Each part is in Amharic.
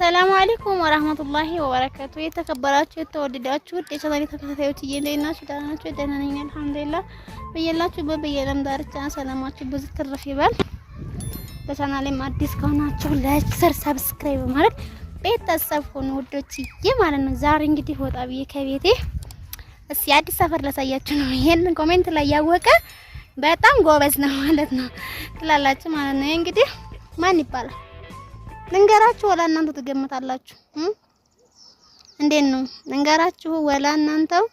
ሰላም አለይኩም ወራህመቱላሂ ወበረካቱ። የተከበራችሁ የተወደዳችሁ ውድ የቻናሌ ተከታታዮች እንዴት ናችሁ? ደህና ናችሁ? ደህና ነኝ አልሐምዱሊላህ። በየላችሁበት በየዓለም ዳርቻ ሰላማችሁ ብዙ ትርፍ ይበል። ለቻናሌም አዲስ ከሆናችሁ ላይክ፣ ሸር፣ ሰብስክራይብ ማለት ቤተሰብ ሁኑ ውዶችዬ ማለት ነው። ዛሬ እንግዲህ ወጣ ብዬ ከቤቴ እስኪ አዲስ ሰፈር ላሳያችሁ ነው። ይሄንን ኮሜንት ላይ ያወቀ በጣም ጎበዝ ነው ማለት ነው ትላላችሁ ማለት ነው። እንግዲህ ማን ይባላል ልንገራችሁ ወላ እናንተ ትገምታላችሁ? እንዴት ነው ልንገራችሁ ወላ እናንተው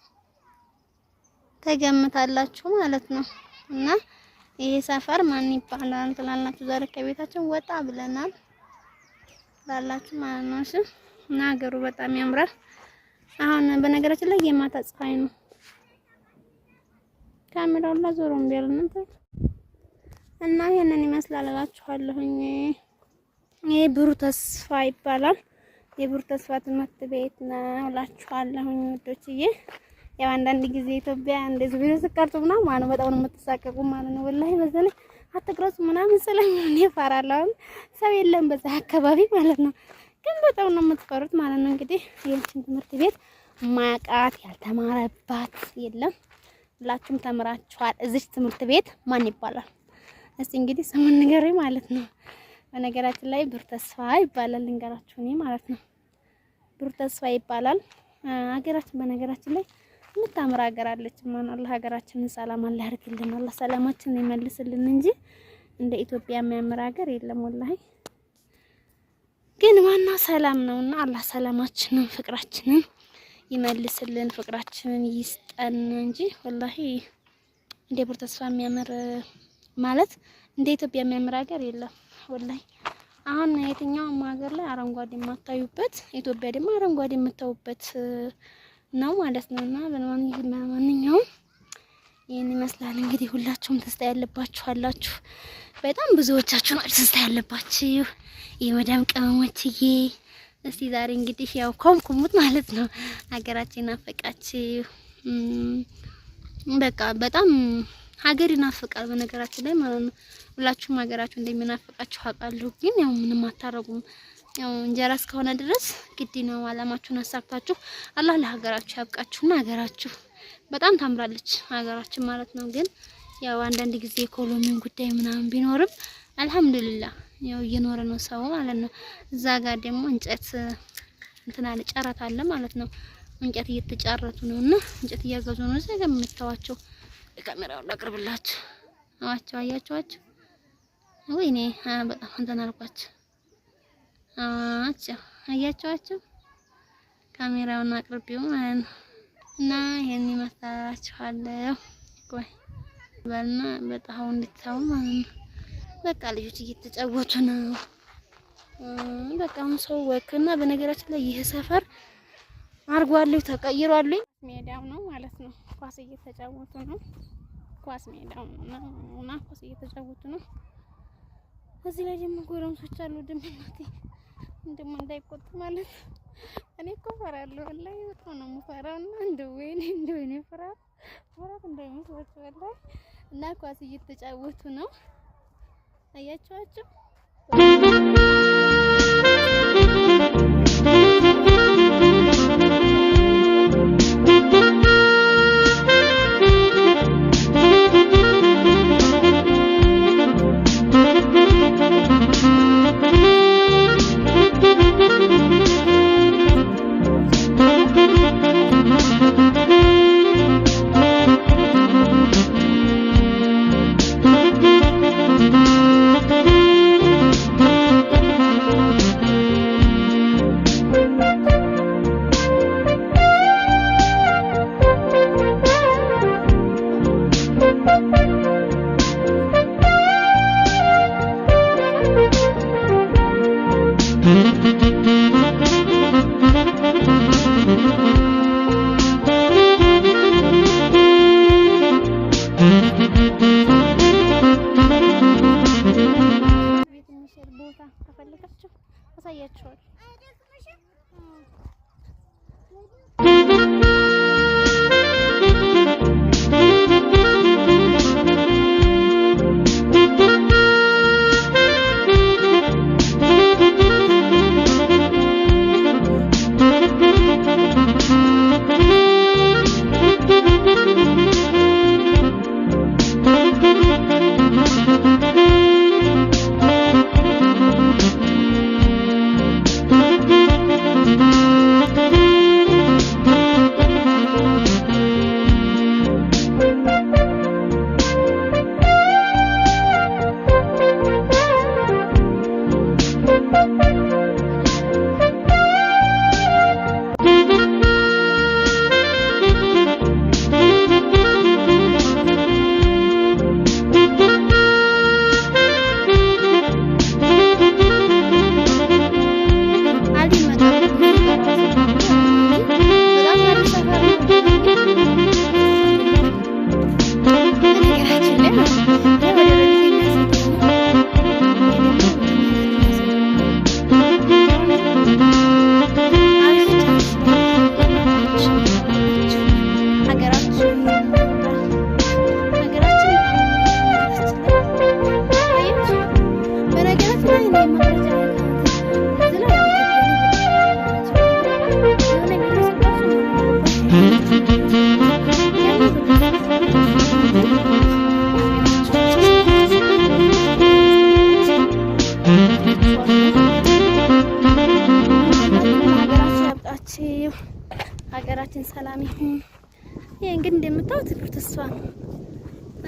ተገምታላችሁ ማለት ነው። እና ይሄ ሰፈር ማን ይባላል ትላላችሁ? ዛሬ ከቤታችን ወጣ ብለናል ላላችሁ ማለት ነው። እሺ እና ሀገሩ በጣም ያምራል። አሁን በነገራችን ላይ የማታ ፀሐይ ነው። ካሜራው ላይ ዞሮም እና ይሄንን ይመስላል እላችኋለሁኝ። ይህ ብሩህ ተስፋ ይባላል። የብሩህ ተስፋ ትምህርት ቤት ነው እላችኋለሁኝ ውዶችዬ። ያው አንዳንድ ጊዜ ኢትዮጵያ እንደዚህ ቪዲዮ ስትቀርጹ ምናምን ማለት በጣም ነው የምትሳቀቁ ማለት ነው። ወላሂ በዘለኝ አትቅረጹ ምናምን ስለሚሆን እኔ እፈራለሁ። ሰው የለም በዛ አካባቢ ማለት ነው። ግን በጣም ነው የምትፈሩት ማለት ነው። እንግዲህ ይህችን ትምህርት ቤት ማቃት ያልተማረባት የለም። ሁላችሁም ተምራችኋል። እዚች ትምህርት ቤት ማን ይባላል? እስቲ እንግዲህ ስሙን ንገሪ ማለት ነው። በነገራችን ላይ ብሩህ ተስፋ ይባላል። ልንገራችሁ እኔ ማለት ነው ብሩህ ተስፋ ይባላል። ሀገራችን በነገራችን ላይ የምታምር ሀገር አለች። ማን አላህ ሀገራችንን ሰላም አላህ ያርግልን፣ አላህ ይመልስልን እንጂ እንደ ኢትዮጵያ የሚያምር ሀገር የለም ወላሂ። ግን ዋና ሰላም ነውና አላህ ሰላማችንን ፍቅራችንን ይመልስልን፣ ፍቅራችንን ይስጠን እንጂ ወላሂ እንደ ብሩህ ተስፋ የሚያምር ማለት እንደ ኢትዮጵያ የሚያምር ሀገር የለም። ወላይ አሁን የትኛውም ሀገር ላይ አረንጓዴ የማታዩበት ኢትዮጵያ ደግሞ አረንጓዴ የምታዩበት ነው ማለት ነው። እና በማንኛውም ይህን ይመስላል እንግዲህ ሁላችሁም ትንስታ ያለባችሁ አላችሁ። በጣም ብዙዎቻችሁ ናችሁ ትንስታ ያለባችሁ የመዳም ቅመሞችዬ። እስቲ ዛሬ እንግዲህ ያው ኮምኩሙት ማለት ነው። ሀገራችን ናፈቃችሁ። በቃ በጣም ሀገር ይናፍቃል በነገራችን ላይ ማለት ነው። ሁላችሁም ሀገራችሁ እንደሚናፍቃችሁ አውቃለሁ። ግን ያው ምንም አታረጉም። ያው እንጀራ እስከሆነ ድረስ ግድ ነው። አላማችሁን አሳክታችሁ አላህ ለሀገራችሁ ያብቃችሁና ሀገራችሁ በጣም ታምራለች ሀገራችን ማለት ነው። ግን ያው አንዳንድ ጊዜ ኢኮኖሚን ጉዳይ ምናምን ቢኖርም አልሐምዱሊላህ ያው እየኖረ ነው ሰው ማለት ነው። እዛ ጋር ደግሞ እንጨት እንትና ጨረታ አለ ማለት ነው። እንጨት እየተጫረቱ ነው እና እንጨት እያገዙ ነው። እዛ ጋር የምታዋቸው ካሜራውን አቅርብላችሁ አዋቸው አያቸዋቸው ወይኔ በጣም እንትን አልኳቸው። አቸው አያቸዋቸው ካሜራውን አቅርቢው ማለት ነው። እና ይሄን ይመስላችኋለሁ። ቆይ በልና በጣው እንድታው ማለት ነው። በቃ ልጆች እየተጫወቱ ነው። በቃ አሁን ሰው ወክና በነገራችን ላይ ይህ ሰፈር አርጓለሁ ተቀይሯለሁ። ሜዳው ነው ማለት ነው። ኳስ እየተጫወቱ ነው። ኳስ ሜዳው ነው እና ኳስ እየተጫወቱ ነው። እዚህ ላይ ደግሞ ጎረምሶች አሉ። ድምናቴ እንደማ እንዳይቆጡ ማለት እኔ እኮ እፈራለሁ። ወላሂ በጣም ነው የምፈራው እና እንደው ወይኔ እንደው ወይኔ ፍርሃት ፍርሃት እንዳይመስላችሁ ወላሂ። እና ኳስ እየተጫወቱ ነው አያችኋቸው። Yeah, troll.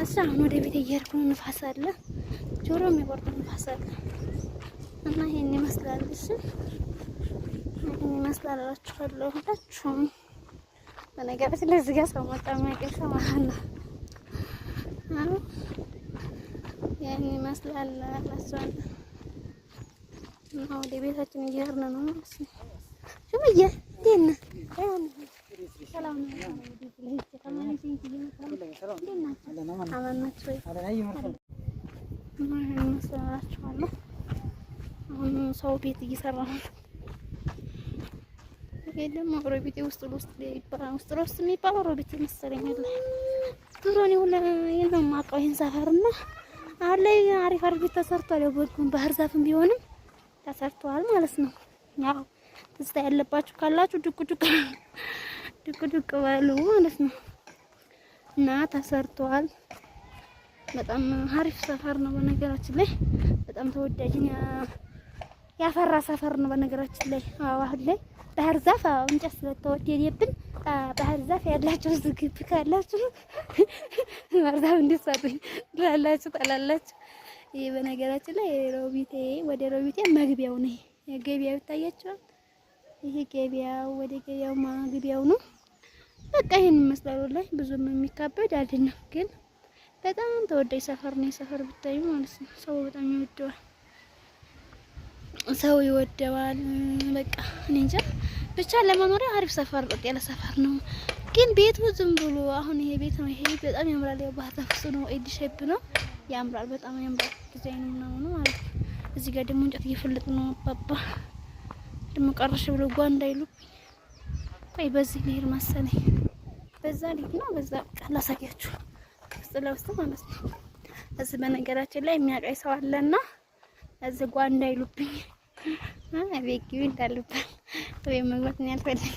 እዛ አሁን ወደ ቤት እየሄድኩ ነው። ንፋስ አለ፣ ጆሮ የሚቆርጥ ንፋስ አለ እና ይሄን ይመስላል። እሺ ይሄን ይመስላል እላችኋለሁ ሁላችሁም። በነገራችን ላይ እዚህ ጋር ሰው መጣ የሚያውቅ ሰው አለ። ይሄን ይመስላል እላችኋለሁ እና ወደ ቤታችን እየሄድን ነው እሺ ነው። ሽምዬ እንዴት ነህ? ሰላም ነው። አሁን ሰው ቤት እየሰራ ነው። የለም ሮቤቴ ውስጥ ለውስጥ ይባላል። ውስጥ ለውስጥ የሚባለው ሮቤቴ መሰለኝ የለም። ድሮ እኔ ሁላ የለም አውቀው ይሄን ሰፈርና አሁን ላይ አሪፍ አሪፍ ቤት ተሰርቷል። ያው በጎን ባህር ዛፍም ቢሆንም ተሰርቷል ማለት ነው። ያው ትዝታ ያለባችሁ ካላችሁ ድቁ ድቁ ድቁ ድቁ በሉ ማለት ነው። እና ተሰርቷል። በጣም ሀሪፍ ሰፈር ነው። በነገራችን ላይ በጣም ተወዳጅ ያፈራ ሰፈር ነው። በነገራችን ላይ አዎ፣ አሁን ላይ ባህር ዛፍ እንጨት ስለተወደደብን ባህር ዛፍ ያላችሁ ዝግብ ካላችሁ ባህር ዛፍ እንድትሰጡኝ ትላላችሁ፣ ጠላላችሁ። ይህ በነገራችን ላይ ሮቢቴ ወደ ሮቢቴ መግቢያው ነው። ገቢያው ይታያችኋል። ይሄ ገቢያው ወደ ገቢያው መግቢያው ነው። በቃ ይሄን መስላሉ ላይ ብዙም የሚካበድ አይደለም፣ ግን በጣም ተወዳጅ ሰፈር ነው። ሰፈር ብታዩ ማለት ነው። ሰው በጣም ይወደዋል፣ ሰው ይወደዋል። በቃ እኔ እንጃ ብቻ ለመኖሪያ አሪፍ ሰፈር፣ ቁጥ ያለ ሰፈር ነው። ግን ቤቱ ዝም ብሎ አሁን ይሄ ቤት ነው። ይሄ በጣም ያምራል። ያው ባህታ ፍሱ ነው። ኤዲ ሼፕ ነው። ያምራል፣ በጣም ያምራል። ዲዛይኑ ነው ነው ማለት ነው። እዚህ ጋር ደግሞ እንጨት እየፈለጥ ነው። ባባ ደግሞ ቀረሽ ብሎ ጓ እንዳይሉ ቆይ፣ በዚህ ልሄድ መሰለኝ። በዛ ሊት ነው በዛ ቃል ላሳያችሁ ውስጥ ለውስጥ ማለት ነው። እዚህ በነገራችን ላይ የሚያቀይ ሰው አለና እዚህ ጓ እንዳይሉብኝ ቤት ግቢ እንዳሉብን ወይ መግባት ነው ያልፈልግ